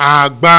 àgbà